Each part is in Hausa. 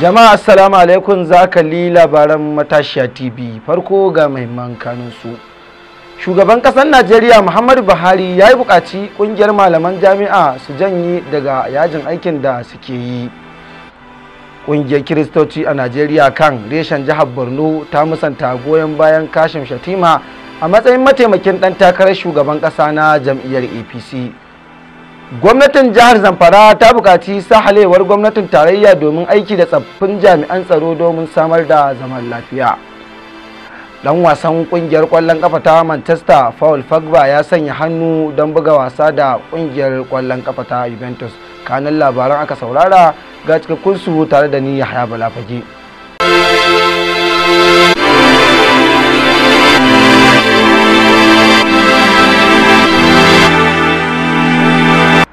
jama'a assalamu alaikum za ka li labaran matashiya tv farko ga mahimman kanunsu shugaban kasar najeriya muhammadu buhari ya yi buƙaci ƙungiyar malaman jami'a su janye daga yajin aikin da suke yi ƙungiyar kiristoci a najeriya kan reshen jihar borno ta musanta goyon bayan kashim shatima a matsayin mataimakin ɗan takarar shugaban ƙasa na jam'iyyar apc gwamnatin jihar zamfara ta bukaci sahalewar gwamnatin tarayya domin aiki da tsaffin jami'an tsaro domin samar da zaman lafiya dan wasan kungiyar kwallon kafa ta manchester paul fagba ya sanya hannu don buga wasa da kungiyar kwallon kafa ta juventus kanan labaran aka saurara ga su tare da ni ya yahaya balafage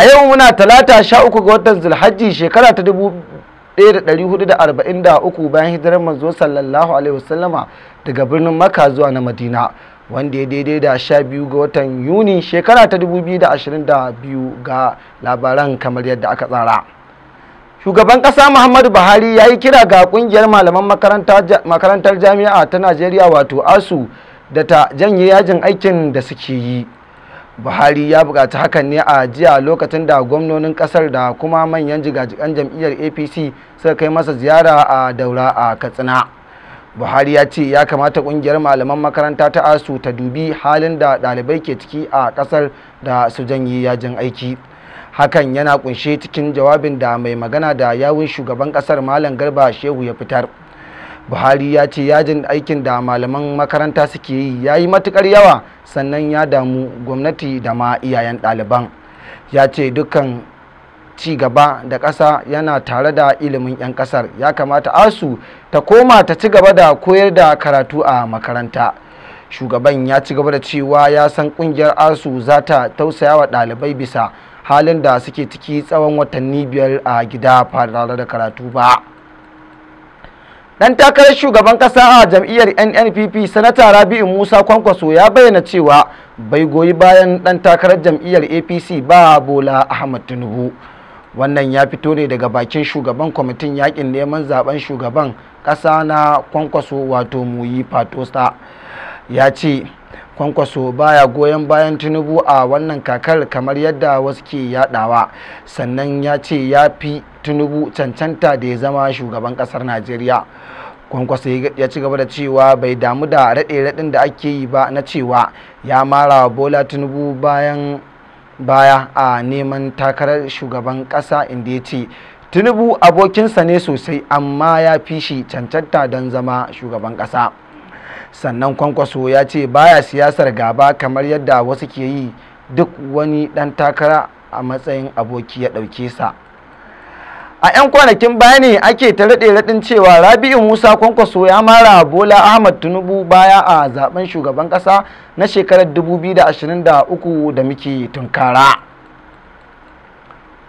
a yau muna talata sha uku ga watan zulhajji shekara ta dubu ɗaya da ɗari hudu da arba'in da uku bayan hijirar manzo sallallahu alaihi wasallama daga birnin maka zuwa na madina wanda ya daidai da sha biyu ga watan yuni shekara ta dubu biyu da ashirin da biyu ga labaran kamar yadda aka tsara shugaban kasa muhammadu buhari ya yi kira ga kungiyar malaman makarantar jami'a ta najeriya wato asu da ta janye yajin aikin da suke yi buhari ya bukaci hakan ne a jiya lokacin da gwamnonin kasar da kuma manyan jigajigan jam'iyyar apc suka kai masa ziyara a daura a katsina buhari ya ce ya kamata kungiyar malaman makaranta ta asu ta dubi halin da dalibai ke ciki a kasar da su janye yajin aiki hakan yana kunshe cikin jawabin da mai magana da yawun shugaban kasar malam garba shehu ya fitar buhari ya ce yajin aikin da malaman makaranta suke yi ya yi matukar yawa sannan ya damu gwamnati da ma iyayen ɗaliban ya ce dukkan ci gaba da ƙasa yana tare da ilimin 'yan ƙasar ya kamata asu ta koma ta ci gaba da koyar da karatu a makaranta shugaban ya ci gaba da cewa ya san ƙungiyar asu za ta tausaya wa ɗalibai bisa halin da suke ciki tsawon watanni biyar a gida fara da karatu ba dan takarar shugaban kasa a jam'iyyar nnpp sanata rabi'u musa kwankwaso ya bayyana cewa bai goyi bayan dan takarar jam'iyyar apc ba bola ahmad tinubu wannan ya fito ne daga bakin shugaban kwamitin yakin neman zaben shugaban kasa na kwankwaso wato muyi fatosta ya ce kwankwaso baya goyon bayan tinubu a wannan kakar kamar yadda wasu ke yadawa sannan ya ce ya fi tinubu cancanta da ya zama shugaban kasar najeriya kwankwaso ya ci gaba da cewa bai damu da raɗe-raɗin da ake yi ba na cewa ya mara bola tinubu bayan baya a neman takarar shugaban ƙasa inda ya ce tinubu abokinsa ne sosai amma ya fi shi cancanta don zama shugaban ƙasa sannan kwankwaso ya ce baya siyasar gaba kamar yadda wasu ke yi duk wani ɗan takara a matsayin aboki ya ɗauke sa a 'yan kwanakin baya ne ake ta raɗe raɗin cewa rabi'u musa kwankwaso ya mara bola ahmad tinubu baya a zaben shugaban ƙasa na shekarar 2023 da muke tunkara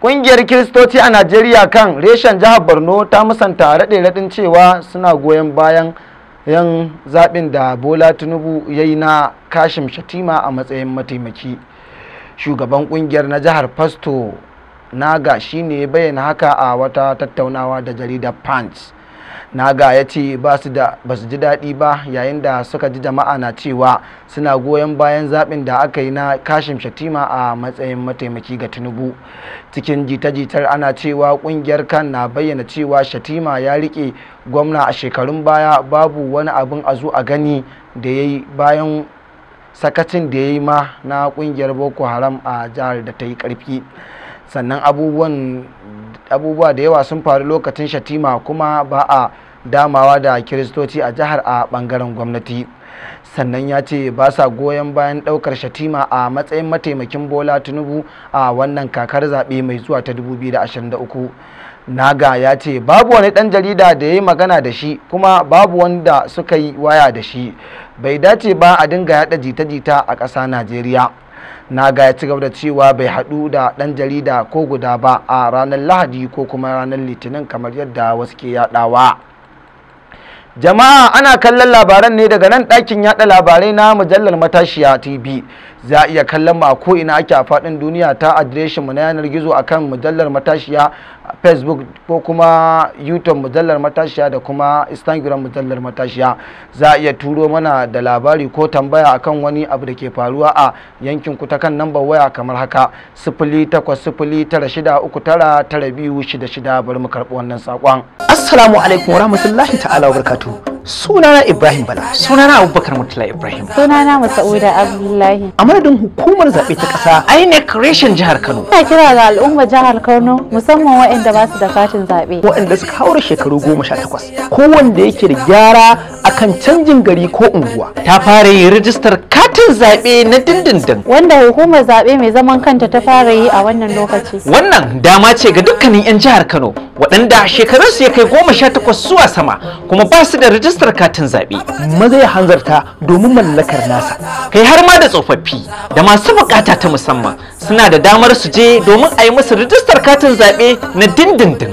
ƙungiyar kiristoci a najeriya kan reshen jihar borno ta musanta raɗe raɗin cewa suna goyon bayan yan zaɓin da bola tinubu ya yi na kashim shatima a matsayin mataimaki shugaban ƙungiyar na jihar fasto naga shine bayyana haka a wata tattaunawa da jaridar punch naga ya ce ba su ji daɗi ba yayin da suka ji jama'a na cewa suna goyon bayan zaɓin da aka yi na kashin shatima a matsayin mataimaki ga tinubu cikin jita-jitar ana cewa ƙungiyar kan na bayyana cewa shatima ya riƙe gwamna a shekarun baya babu wani abin a zo a gani da ya yi bayan sakacin da ya yi ma na ƙungiyar boko haram a jihar da ta yi ƙarfi sannan abubuwan abubuwa da yawa sun faru lokacin shatima kuma ba a damawa da kiristoci a jihar a bangaren gwamnati sannan ya ce ba sa goyon bayan daukar shatima a matsayin mataimakin bola tinubu a wannan kakar zaɓe mai zuwa ta 2023 naga ya ce babu wani ɗan jarida da ya yi magana da shi kuma babu wanda suka yi waya da shi bai dace ba a dinga yaɗa jita-jita a ƙasa najeriya na ya ci gaba da cewa bai haɗu da ɗan jarida ko guda ba a ranar lahadi ko kuma ranar litinin kamar yadda wasu ke yaɗawa jama'a ana kallon labaran ne daga nan ɗakin yaɗa labarai na mujallar matashiya tv za a iya kallon ma ko ina ake a faɗin duniya ta adireshin mu na yanar gizo akan mujallar matashiya facebook ko kuma youtube mujallar matashiya da kuma instagram mujallar matashiya za a iya turo mana da labari ko tambaya akan wani abu da ke faruwa a yankin ku ta kan number waya kamar haka sifili takwas tara shida uku tara tara biyu shida shida bari mu karɓi wannan saƙon. assalamu alaikum warahmatullahi ta'ala wabarakatuh sunana ibrahim bala sunana abubakar mutula ibrahim sunana masauda abdullahi madadin hukumar zaɓe ta ƙasa INEC reshen jihar Kano. Ina kira ga al'ummar jihar Kano musamman waɗanda ba su da katin zaɓe. Waɗanda suka haura shekaru goma sha takwas. Kowanne yake da gyara akan canjin gari ko unguwa. Ta fara yi rijistar katin zaɓe na dindindin. Wanda hukumar zaɓe mai zaman kanta ta fara yi a wannan lokaci. Wannan dama ce ga dukkanin 'yan jihar Kano waɗanda shekarunsu ya kai goma sha takwas zuwa sama kuma ba su da rijistar katin zaɓe maza ya hanzarta domin mallakar nasa kai har ma da tsofaffi da masu buƙata ta musamman suna da damar su je domin a yi musu rijistar katin zaɓe na dindindin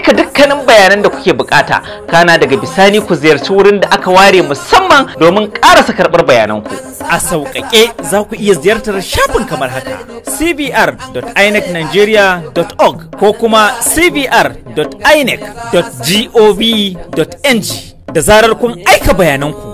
aika dukkanin bayanan da kuke bukata kana daga bisani ku ziyarci wurin da aka ware musamman domin karasa karbar bayananku a sauƙaƙe za ku iya ziyartar shafin kamar haka cbr.inecnigeria.org ko kuma cbr.inec.gov.ng da zarar kun aika bayananku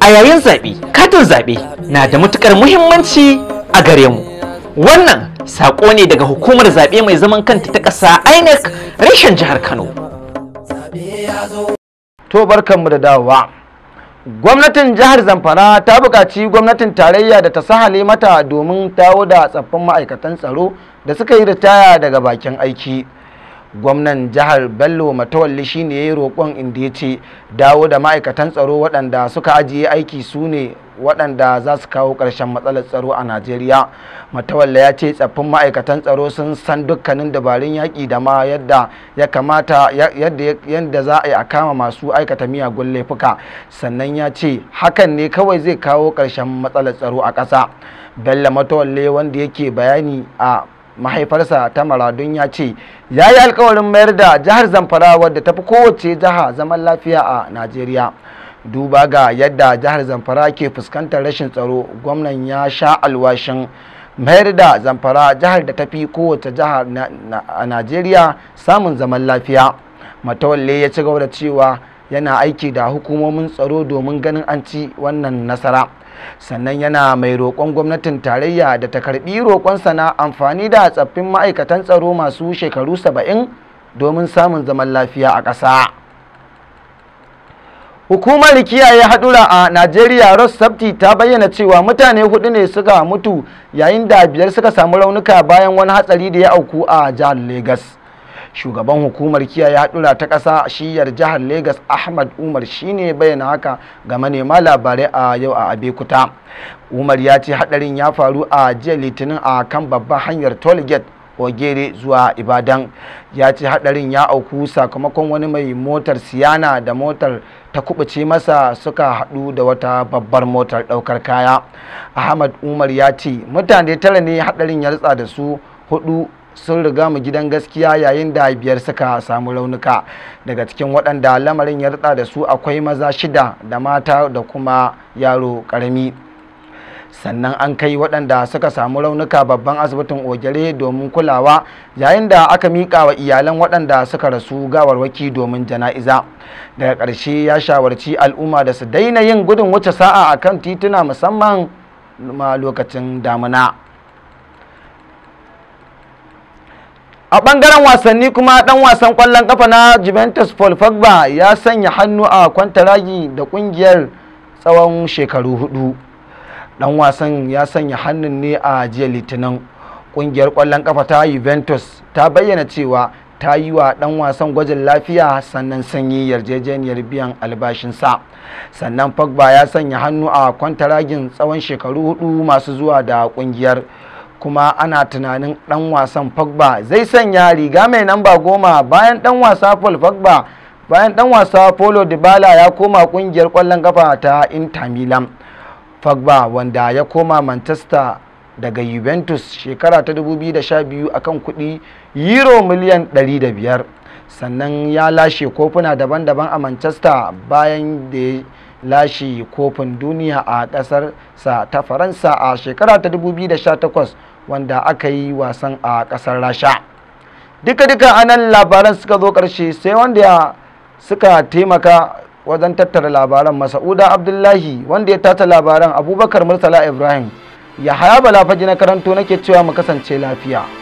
a yayin zaɓe katin zaɓe na da matuƙar muhimmanci a gare mu wannan saƙo ne daga hukumar zaɓe mai zaman kanta ta ƙasa inec reshen jihar kano to barkanmu da dawowa gwamnatin jihar zamfara ta buƙaci gwamnatin tarayya da ta sahale mata domin dawo da tsaffin ma'aikatan tsaro da suka yi ritaya daga bakin aiki gwamnan jihar bello matawalli shine ya yi roƙon inda ya ce dawo da ma'aikatan tsaro waɗanda suka ajiye aiki su ne waɗanda za su kawo ƙarshen matsalar tsaro a najeriya matawalla ya ce tsaffin ma'aikatan tsaro sun san dukkanin dabarun yaƙi da ma yadda ya kamata yadda za a yi a kama masu aikata miyagun laifuka sannan ya ce hakan ne kawai zai kawo ƙarshen matsalar tsaro a ƙasa bello matawalle wanda yake bayani a mahaifarsa ta maradun ya ce ya yi alkawarin mayar da jihar zamfara wadda ta fi kowace jiha zaman lafiya a najeriya duba ga yadda jihar zamfara ke fuskantar rashin tsaro gwamnan ya sha alwashin mayar da zamfara jihar da ta fi kowace jiha a najeriya samun zaman lafiya matawalle ya ci gaba da cewa yana aiki da hukumomin tsaro domin ganin an ci wannan nasara sannan yana mai roƙon gwamnatin tarayya da ta karɓi roƙonsa na amfani da tsaffin ma'aikatan tsaro masu shekaru saba'in domin samun zaman lafiya a ƙasa hukumar kiyaye haɗura a najeriya ross safety ta bayyana cewa mutane hudu ne suka mutu yayin da biyar suka samu raunuka bayan wani hatsari da ya auku a jihar Legas. shugaban hukumar kiyaye hadura ta ƙasa shiyar jihar Legas Ahmad Umar shine bayyana haka ga manema labarai a yau a Abekuta. Umar ya ce haɗarin ya faru a jiya Litinin a kan babban hanyar gate ogere zuwa ibadan ya ce hadarin ya auku sakamakon wani mai motar siyana da motar ta kubuce masa suka hadu da wata babbar motar daukar kaya ahmad umar ya ce mutane tara ne hadarin ya rutsa da su hudu sun riga mu gidan gaskiya yayin da biyar suka samu raunuka daga cikin waɗanda lamarin ya rutsa da su akwai maza shida da mata da kuma yaro ƙarami sannan an kai waɗanda suka samu raunuka babban asibitin ogere domin kulawa yayin da aka miƙa wa iyalan waɗanda suka rasu gawarwaki domin jana'iza daga ƙarshe ya shawarci al'umma da su daina yin gudun wuce sa'a akan tituna musamman ma lokacin damuna. a bangaren wasanni kuma dan wasan kwallon kafa na Juventus Paul Pogba ya sanya hannu a kwantaragi da kungiyar tsawon shekaru hudu dan wasan ya sanya hannun ne a jiya litinin kungiyar kwallon kafa ta Juventus ta bayyana cewa ta yi wa dan wasan gwajin lafiya sannan sanyi yarjejeniyar biyan albashinsa sannan Pogba ya sanya hannu a kwantaragin tsawon shekaru hudu masu zuwa da kungiyar kuma ana tunanin ɗan wasan fagba zai sanya riga mai namba goma bayan ɗan wasa Paul Pogba bayan ɗan wasa Paulo Dybala ya koma ƙungiyar kwallon kafa ta Inter Milan. Pogba wanda ya koma Manchester daga Juventus shekara ta 2012 akan kuɗi euro miliyan 500 sannan ya lashe kofuna daban-daban a Manchester bayan da lashe kofin duniya a kasar sa ta faransa a shekara ta 2018 wanda aka yi wasan a kasar rasha duka-duka anan labaran suka zo karshe sai wanda suka taimaka wajen tattara labaran masa'uda abdullahi wanda ya tata labaran abubakar murtala ibrahim ya haya balafaji na karanto nake cewa mu kasance lafiya